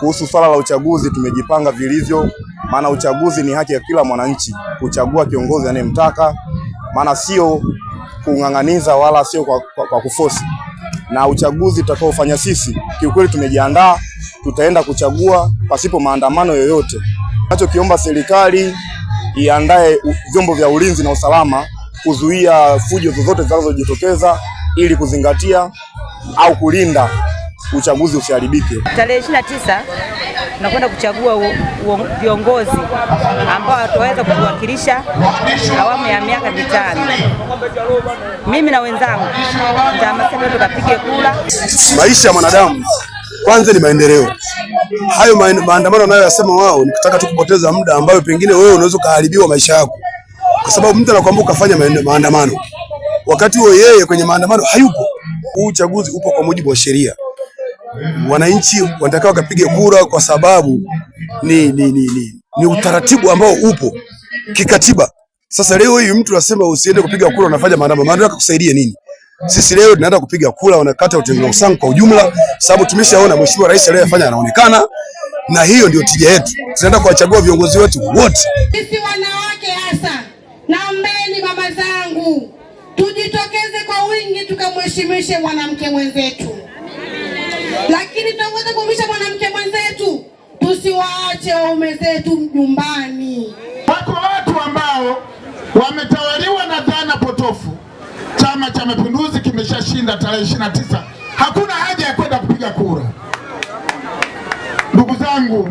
Kuhusu swala la uchaguzi, tumejipanga vilivyo, maana uchaguzi ni haki ya kila mwananchi kuchagua kiongozi anayemtaka, maana sio kung'ang'aniza wala sio kwa, kwa, kwa kufosi. Na uchaguzi tutakaofanya sisi, kiukweli tumejiandaa, tutaenda kuchagua pasipo maandamano yoyote. kiomba serikali iandae vyombo vya ulinzi na usalama kuzuia fujo zozote zinazojitokeza ili kuzingatia au kulinda uchaguzi usiharibike. Tarehe 29 tunakwenda kuchagua viongozi ambao wataweza kutuwakilisha awamu ya miaka mitano. Mimi na wenzangu tutahamasika, tukapige kura. Maisha ya mwanadamu kwanza ni maendeleo. Hayo maandamano anayoyasema wao ni kutaka tu kupoteza muda, ambayo pengine wewe unaweza ukaharibiwa maisha yako, kwa sababu mtu anakuambia ukafanya maandamano, wakati huo yeye kwenye maandamano hayupo. Huu uchaguzi upo kwa mujibu wa sheria wananchi wanatakiwa wakapige kura kwa sababu ni, ni, ni, ni, ni utaratibu ambao upo kikatiba. Sasa leo hii mtu anasema usiende kupiga kura, unafanya maandamano, maandamano kusaidia nini? Sisi leo tunaenda kupiga kura wanakata utengo usangu kwa ujumla, sababu tumeshaona mheshimiwa rais aliyefanya anaonekana, na hiyo ndio tija yetu. Tunaenda kuwachagua viongozi wetu wote. Sisi wanawake hasa, naombeni baba zangu, tujitokeze kwa wingi tukamheshimishe mwanamke mwenzetu lakini tunaweza kuumisha mwanamke mwenzetu. Tusiwaache waume zetu nyumbani. Wako watu ambao wametawaliwa na dhana potofu. Chama cha Mapinduzi kimeshashinda tarehe 29, hakuna haja ya kwenda kupiga kura. Ndugu zangu,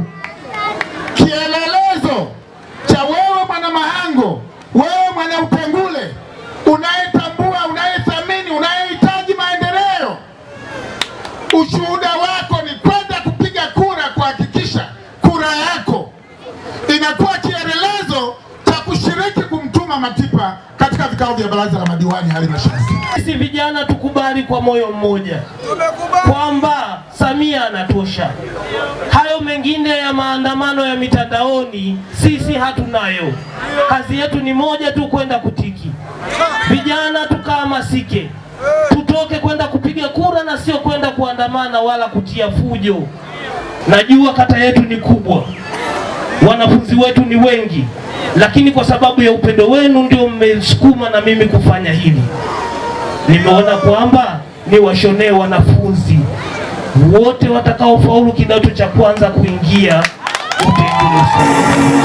kielelezo cha wewe mwana Mahango, wewe mwana Upengule, unayetambua, unayethamini, unayehitaji maendeleo ushuhuda inakuwa kielelezo cha kushiriki kumtuma Matipa katika vikao vya baraza la madiwani halmashauri. Sisi vijana tukubali kwa moyo mmoja kwamba Samia anatosha. Hayo mengine ya maandamano ya mitandaoni sisi hatunayo. Kazi yetu ni moja tu, kwenda kutiki. Vijana masike, eh. tutoke kwenda kupiga kura na sio kwenda kuandamana wala kutia fujo. Najua kata yetu ni kubwa. Wanafunzi wetu ni wengi, lakini kwa sababu ya upendo wenu ndio mmesukuma na mimi kufanya hili. Nimeona kwamba ni washonee wanafunzi wote watakaofaulu kidato cha kwanza kuingia utengenezaji.